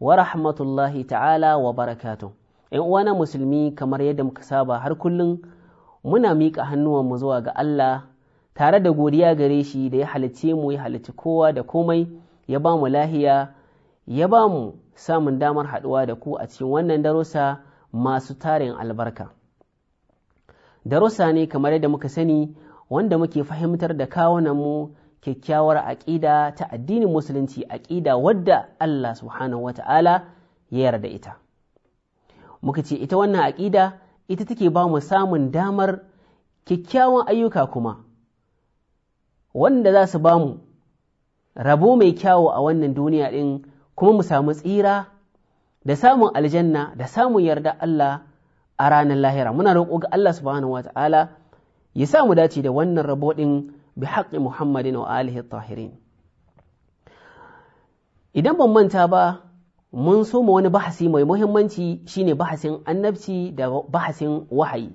wa rahmatullahi ta'ala wa barakatu ‘yan uwana musulmi kamar yadda muka saba har kullum muna miƙa mu zuwa ga Allah tare da godiya gare shi da ya halicce mu ya halicci kowa da komai ya ba mu lahiya ya ba mu samun damar haɗuwa da ku a cikin wannan darussa masu tarin albarka darussa ne kamar yadda muka sani wanda muke fahimtar da mu. kyakkyawar aƙida ta addinin musulunci aƙida wadda Allah subhanahu wa ta'ala ya yarda ita muka ce ita wannan aƙida ita take ba mu samun damar kyakkyawan ayyuka kuma wanda za su ba mu rabo mai kyawo a wannan duniya ɗin kuma mu samu tsira da samun aljanna da samun yarda Allah a ranar lahira muna roƙo ga Allah subhanahu wa ta'ala ya samu dace da wannan rabo ɗin bi haƙƙi muhammadin wa alihi tahirin idan ban manta ba mun soma wani bahasi mai muhimmanci shine bahasin annabci da bahasin wahayi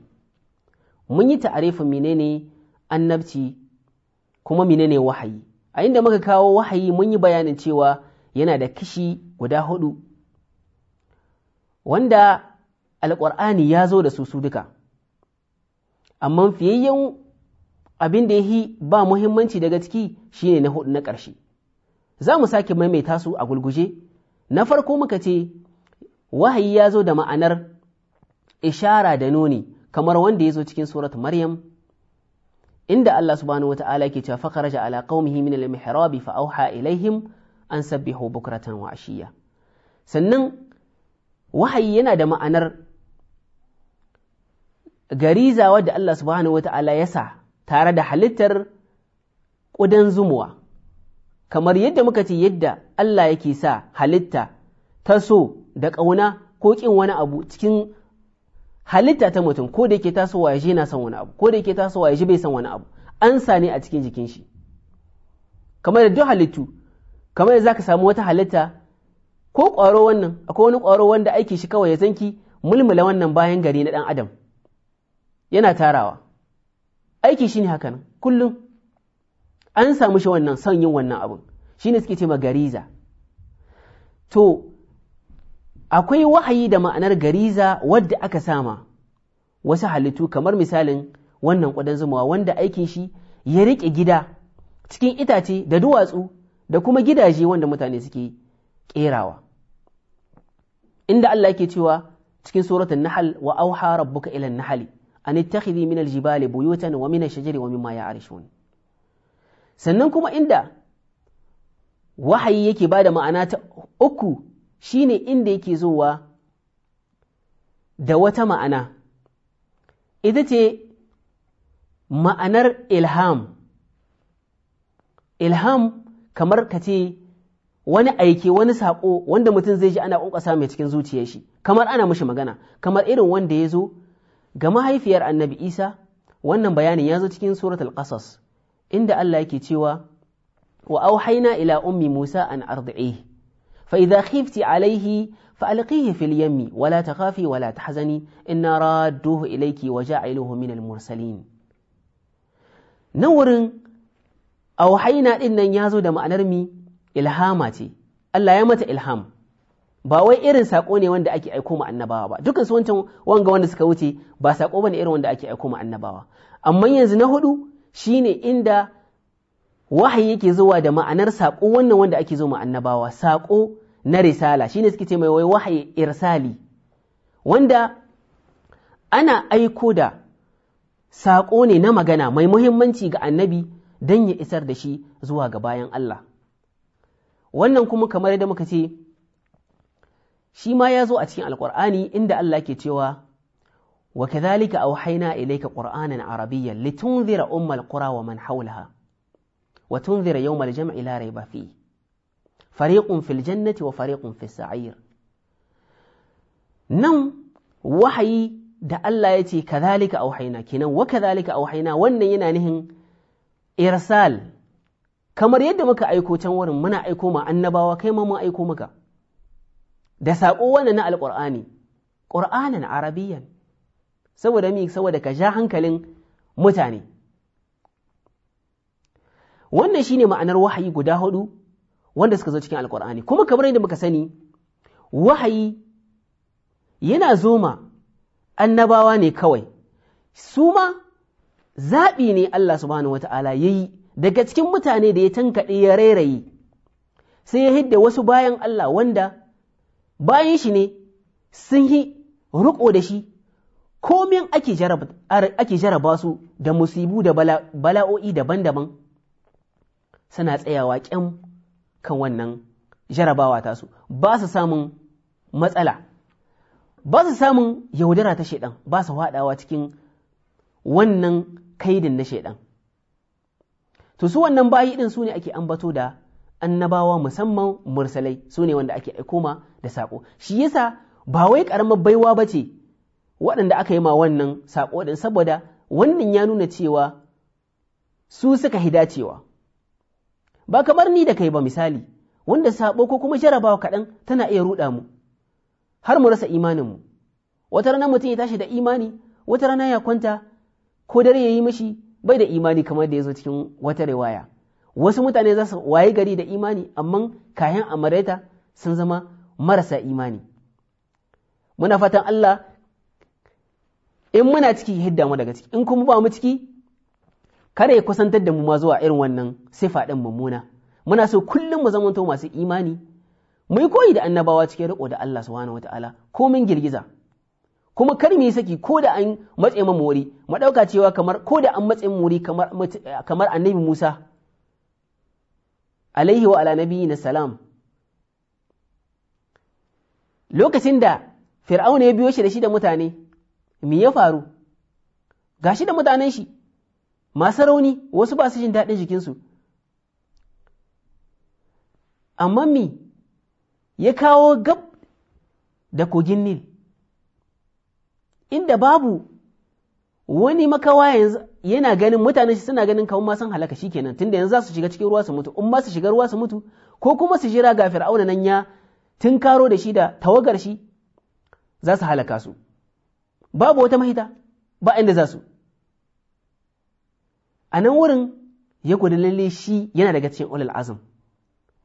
mun yi ta'arifin menene annabci kuma menene wahayi a inda muka kawo wahayi mun yi bayanin cewa yana da kishi guda huɗu. wanda alƙur'ani ya zo da su su duka amma fiyayyen abin da ya yi ba muhimmanci daga ciki shine na hudu na ƙarshe za mu sake maimaita su a gulguje na farko muka ce wahayi ya zo da ma'anar ishara da nuni kamar wanda ya zo cikin surat maryam inda Allah subhanahu wa ta'ala ke cewa fakaraja ala qaumihi min al-mihrabi fa auha ilaihim an sabbihu bukratan wa ashiya sannan wahayi yana da ma'anar garizawa da Allah subhanahu wa ta'ala ya sa tare da halittar ƙudan zumuwa kamar yadda muka ce yadda Allah yake sa halitta ta so da ƙauna ko ƙin wani abu cikin halitta ta mutum ko da yake tasowa ya je na son wani abu ko da yake tasowa ya je bai son wani abu an sa ne a cikin jikin shi kamar da duk halittu kamar da zaka samu wata halitta ko ƙwaro wannan akwai wani ƙwaro wanda aiki shi kawai ya zanki mulmula wannan bayan gari na ɗan adam yana tarawa aiki shine haka nan kullum an samu shi wannan son yin wannan abin shine suke ce gariza to akwai wahayi da ma'anar gariza wadda aka sama wasu halittu kamar misalin wannan ƙudan zumawa wanda aikin shi ya riƙe gida cikin itace da duwatsu da kuma gidaje wanda mutane suke ƙerawa inda Allah yake cewa cikin suratul nahl wa auha rabbuka ila nahali an ittakhidhi min aljibali buyutan wa min ash-shajari wa mimma ya'rishun sannan kuma inda wahayi yake bada ma'ana ta uku shine inda yake zuwa da wata ma'ana ita ce ma'anar ilham ilham kamar ka ce wani aike wani saƙo wanda mutum zai ji ana ƙunƙasa mai cikin zuciyar shi kamar ana mishi magana kamar irin wanda ya zo ga mahaifiyar annabi isa wannan bayanin ya zo cikin suratul qasas inda Allah yake cewa wa auhaina ila ummi musa an ardi'ihi fa idza khifti alayhi fa alqihi fil yammi wa la takhafi wa la tahzani inna radduhu ilayki wa a min al mursalin Na wurin auhaina din nan ya zo da ma'anar mi ilhama ce Allah ya mata ilham ba wai irin sako ne wanda ake aiko ma annabawa ba dukkan su wancan wanga wanda suka wuce ba sako bane irin wanda ake aiko ma annabawa amma yanzu na hudu shine inda wahayi yake zuwa da ma'anar sako wannan wanda ake zo ma annabawa sako na risala shine suke ce mai wai wahayi irsali wanda ana aiko da sako ne na magana mai muhimmanci ga annabi dan ya isar da shi zuwa ga bayan Allah wannan kuma kamar yadda muka ce shi ma ya zo a cikin alƙur'ani inda Allah ke cewa wa kadhalika awhayna ilayka qur'anan arabiyyan litunzira ummal qura wa man hawlaha wa tunzira yawmal jam'i la rayba fariƙun fariqun fil jannati wa fariqun fis sa'ir nan wahayi da Allah ya ce kadhalika auhaina kenan wa kadhalika auhaina wannan yana nihin irsal kamar yadda muka aiko can wurin muna aiko ma annabawa kai ma mun aiko maka da saƙo wannan na alƙur'ani Ƙur'anin arabiyan saboda mi saboda ka ja hankalin mutane wannan shine ma'anar wahayi guda hudu wanda suka zo cikin alƙur'ani kuma kamar yadda muka sani wahayi yana zoma annabawa ne kawai su ma zaɓi ne Allah subhanahu wata'ala ya yi daga cikin mutane da ya tankaɗe ya rairayi sai ya hidda wasu bayan Allah wanda bayan shi ne sun yi riƙo da shi komin ake jaraba su da musibu da bala'o'i daban-daban suna tsayawa ƙyan kan wannan jarabawa tasu ba su samun matsala ba su samun yaudara ta shaidan ba su haɗawa cikin wannan kaidin na shaidan to su wannan bayi ɗin su ne ake ambato da annabawa musamman mursalai su ne wanda ake aiko ma da saƙo shi yasa ba wai ƙaramar baiwa ba ce waɗanda aka yi ma wannan saƙo ɗin saboda wannan ya nuna cewa su suka hidacewa ba kamar ni da kai ba misali wanda saƙo ko kuma jarabawa kaɗan tana iya ruɗa mu har mu rasa imanin mu. wata rana mutum ya tashi da imani wata rana ya kwanta ko dare ya yi mishi bai da imani kamar da ya zo cikin wata riwaya wasu mutane za su waye gari da imani amma kayan amareta sun zama marasa imani muna fatan Allah in muna ciki hidda mu daga ciki in kuma ba mu ciki kare ya kusantar da mu ma zuwa irin wannan sifa faɗin mummuna muna so kullum mu zamanto masu imani mu yi koyi da annabawa cikin riko da Allah subhanahu wataala ko mun girgiza kuma kar mu yi saki ko da an matse mu wuri mu ɗauka cewa kamar ko da an matse mu wuri kamar kamar annabi Musa alaihi wa ala nabi na salam lokacin da fir'auna ya biyo shi da shi da mutane me ya faru ga shi da mutanen shi masu rauni wasu ba su jin daɗin jikinsu amma mi ya kawo gab da kogin nil inda babu wani makawa yanzu yana ganin mutanen shi suna ganin kawun masan halaka shi kenan tunda yanzu za su shiga cikin ruwa su mutu in ma su shiga ruwa su mutu ko kuma su jira ga fir'auna nan ya tun da shi da tawagar shi za su halaka su babu wata mahita ba inda za su a nan wurin ya gudu lalle shi yana daga cikin ulul azum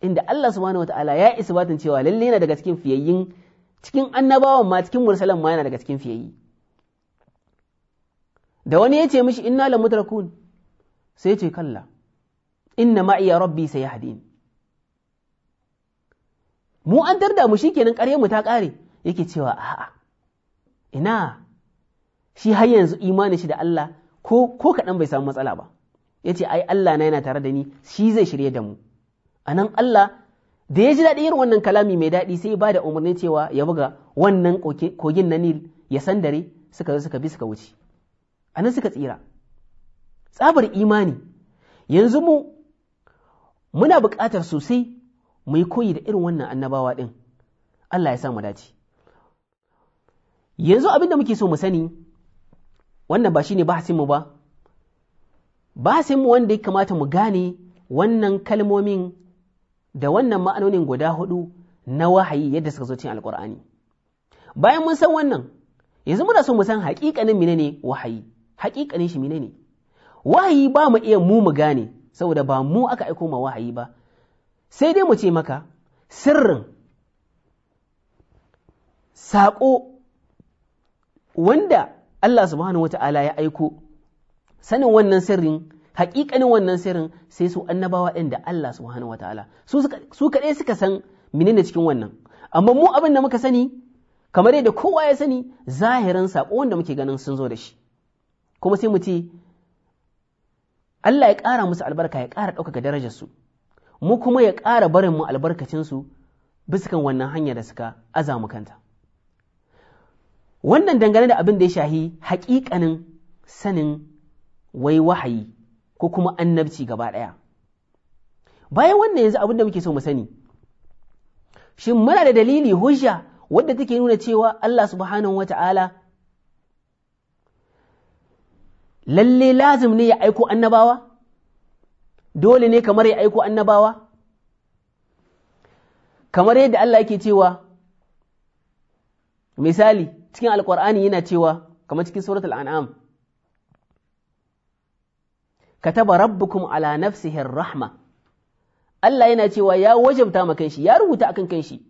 inda Allah subhanahu wataala ya isbatin cewa lalle yana daga cikin fiyayyin cikin annabawan ma cikin mursalan ma yana daga cikin fiyayyi da wani ya ce mishi inna la mutarakun sai ce kalla inna ma'iya rabbi sai ya hadin mu an darda mu shi shikenan kare mu ta kare? yake cewa a'a ina shi har yanzu imanin shi da Allah ko ko kaɗan bai samu matsala ba yace ai Allah na yana tare da ni shi zai shirye da mu anan Allah da ya ji daɗi irin wannan kalami mai daɗi sai ya bada umarni cewa ya buga wannan kogin na Nil ya sandare suka zo suka bi suka wuce a nan suka tsira tsabar imani yanzu mu muna buƙatar sosai muyi koyi da irin wannan annabawa ɗin Allah ya sa mu dace yanzu abin da muke so mu sani wannan ba shi ne bahasinmu ba bahasinmu wanda ya kamata mu gane wannan kalmomin da wannan ma'anonin guda hudu na wahayi yadda suka zo cikin alkur'ani bayan mun san wannan yanzu muna so mu san haƙiƙanin menene wahayi haƙiƙanin shi menene wahayi ba mu iya mu mu gane saboda ba mu aka aiko ma wahayi ba sai dai mu ce maka sirrin saƙo wanda Allah subhanahu wata'ala ya aiko sanin wannan sirrin haƙiƙanin wannan sirrin sai su annabawa ɗin da Allah subhanahu wata'ala su kaɗai suka san menene cikin wannan amma mu abin da muka sani kamar yadda kowa ya sani zahirin saƙo wanda muke ganin sun zo da shi kuma sai mu ce Allah ya ƙara musu albarka ya ƙara ɗaukaka darajarsu mu kuma ya ƙara barin mu albarkacinsu bisa kan wannan hanyar da suka aza kanta wannan dangane da abin da ya shahi haƙiƙanin sanin wai wahayi ko kuma annabci gaba ɗaya bayan wannan yanzu abin da muke so mu sani shin muna da dalili hujja wadda take nuna cewa Allah subhanahu wata'ala lalle lazim ne ya aiko annabawa dole ne kamar ya aiko annabawa kamar yadda Allah yake cewa misali cikin alkur'ani yana cewa kamar cikin suratul an'am kataba rabbukum ala nafsihi rahma Allah yana cewa ya wajabta ma kanshi ya rubuta akan kanshi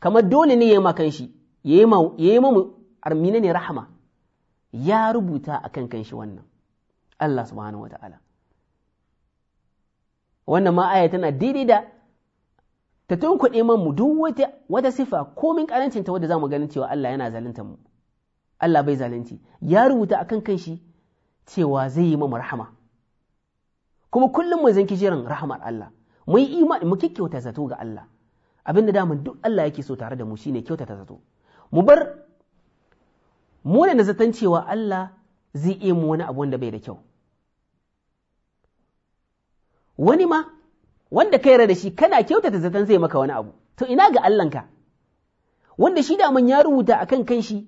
kamar dole ne yayi ma kanshi yayi ma yayi ma armina ne rahma ya rubuta akan kanshi wannan Allah subhanahu wa ta'ala wannan ma tana daidai da ta tunkuɗe man mu duk wata sifa komin karancin ta wadda za mu ganin cewa Allah yana zalunta mu Allah bai zalunci ya rubuta akan kanshi cewa zai yi mamu rahama kuma kullum mu zanki jiran rahamar Allah mu yi imani mu kyauta zato ga Allah abinda daman duk Allah yake so tare da mu shine kyautata zato mu bar mu da zaton cewa Allah zai iya mu wani abu wanda bai da kyau wani ma wanda ka yarda da shi kana kyautata zaton zai maka wani abu to ina ga ka wanda shi da ya rubuta akan shi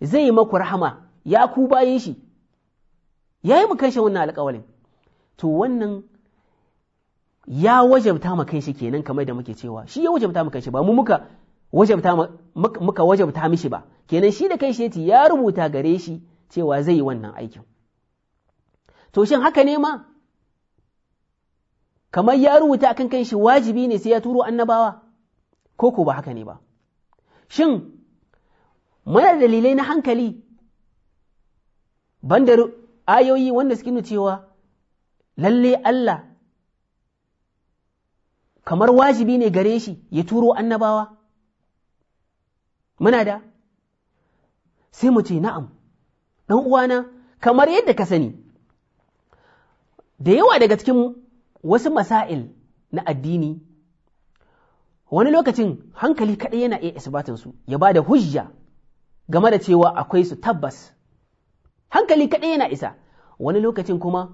zai maku rahama ya ku bayan shi ya yi shi wannan alƙawalin to wannan ya wajabta ma shi kenan kamar da muke cewa shi ya wajabta kan shi. ba mu muka wajabta muka wajabta mishi ba kenan shi da shi yace ya rubuta gare shi cewa zai yi wannan aikin to shin haka ne ma kamar ya rubuta akan kan shi wajibi ne sai ya turo annabawa ko ko ba haka ne ba shin muna dalilai na hankali banda ayoyi wanda suke nuna cewa lalle Allah kamar wajibi ne gare shi ya turo annabawa muna da sai mu ce na'am ɗan uwana kamar yadda ka sani da yawa daga cikin wasu masail na addini wani lokacin hankali kaɗai yana iya isbatin su ya ba da hujja game da cewa akwai su tabbas hankali kaɗai yana isa wani lokacin kuma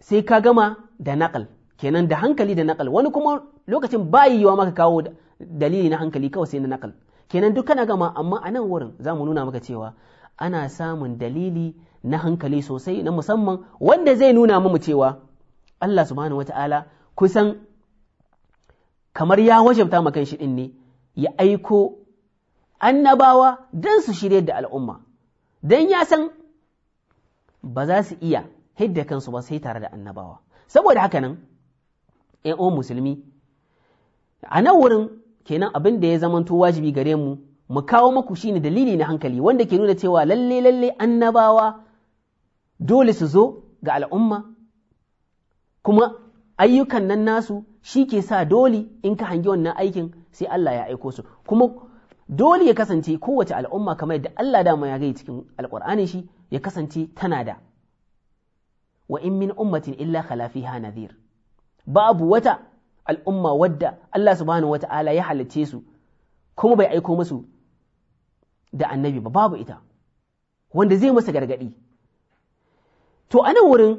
sai ka gama da naƙal kenan da hankali da naƙal wani kuma lokacin bayi yiwa maka kawo dalili na hankali kawai sai na naƙal kenan duk kana gama amma a nan wurin za mu nuna maka cewa ana samun dalili na hankali sosai na musamman wanda zai nuna mu cewa Allah subhanahu wata'ala kusan kamar ya wajabta makan shi ɗin ne ya aiko annabawa don su shirya da al'umma don ya san ba za su iya hidda kansu ba sai tare da annabawa saboda haka nan ‘yan'o musulmi a nan wurin kenan abin da ya zamanto wajibi gare mu mu kawo maku shine dalili na hankali wanda ke nuna cewa lalle lalle annabawa dole su zo ga al'umma kuma ayyukan nan nasu shi ke sa dole in ka hangi wannan aikin sai Allah ya aiko su kuma dole ya kasance kowace al'umma kamar yadda Allah dama ya gai cikin alƙur'ani shi ya kasance tana da wa in min ummatin illa khalafi fiha nadhir babu wata al'umma wadda Allah wata ala ya halicce su kuma bai aiko musu da annabi ba babu ita wanda zai masa gargadi to anan wurin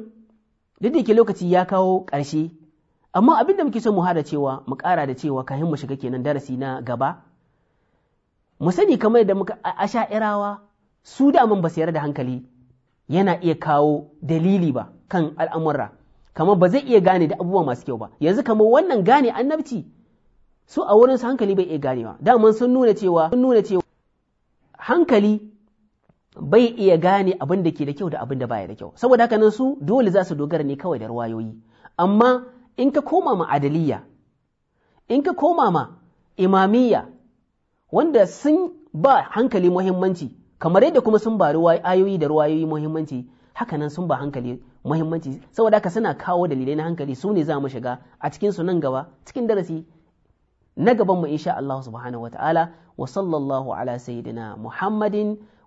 duk da ke lokaci ya kawo ƙarshe amma abin da muke so mu hada cewa mu ƙara da cewa kahin mu shiga kenan darasi na gaba mu sani kamar da muka a sha'irawa su daman ba su yarda da hankali yana iya kawo dalili ba kan al'amura kamar ba zai iya gane da abubuwa masu kyau ba yanzu kamar wannan gane annabci su a wurin su hankali bai iya ganewa daman sun nuna cewa sun nuna cewa hankali bai iya gane abin da ke da kyau da abin da baya da kyau saboda haka nan su dole za su dogara ne kawai da ruwayoyi amma in ka koma ma adaliya in ka koma ma imamiyya wanda sun ba hankali muhimmanci kamar yadda kuma sun ba ayoyi da ruwayoyi muhimmanci haka nan sun ba hankali muhimmanci saboda haka suna kawo dalilai na hankali su ne za mu shiga a cikin su nan gaba cikin darasi na gaban mu insha Allah subhanahu wataala wa sallallahu ala sayyidina Muhammadin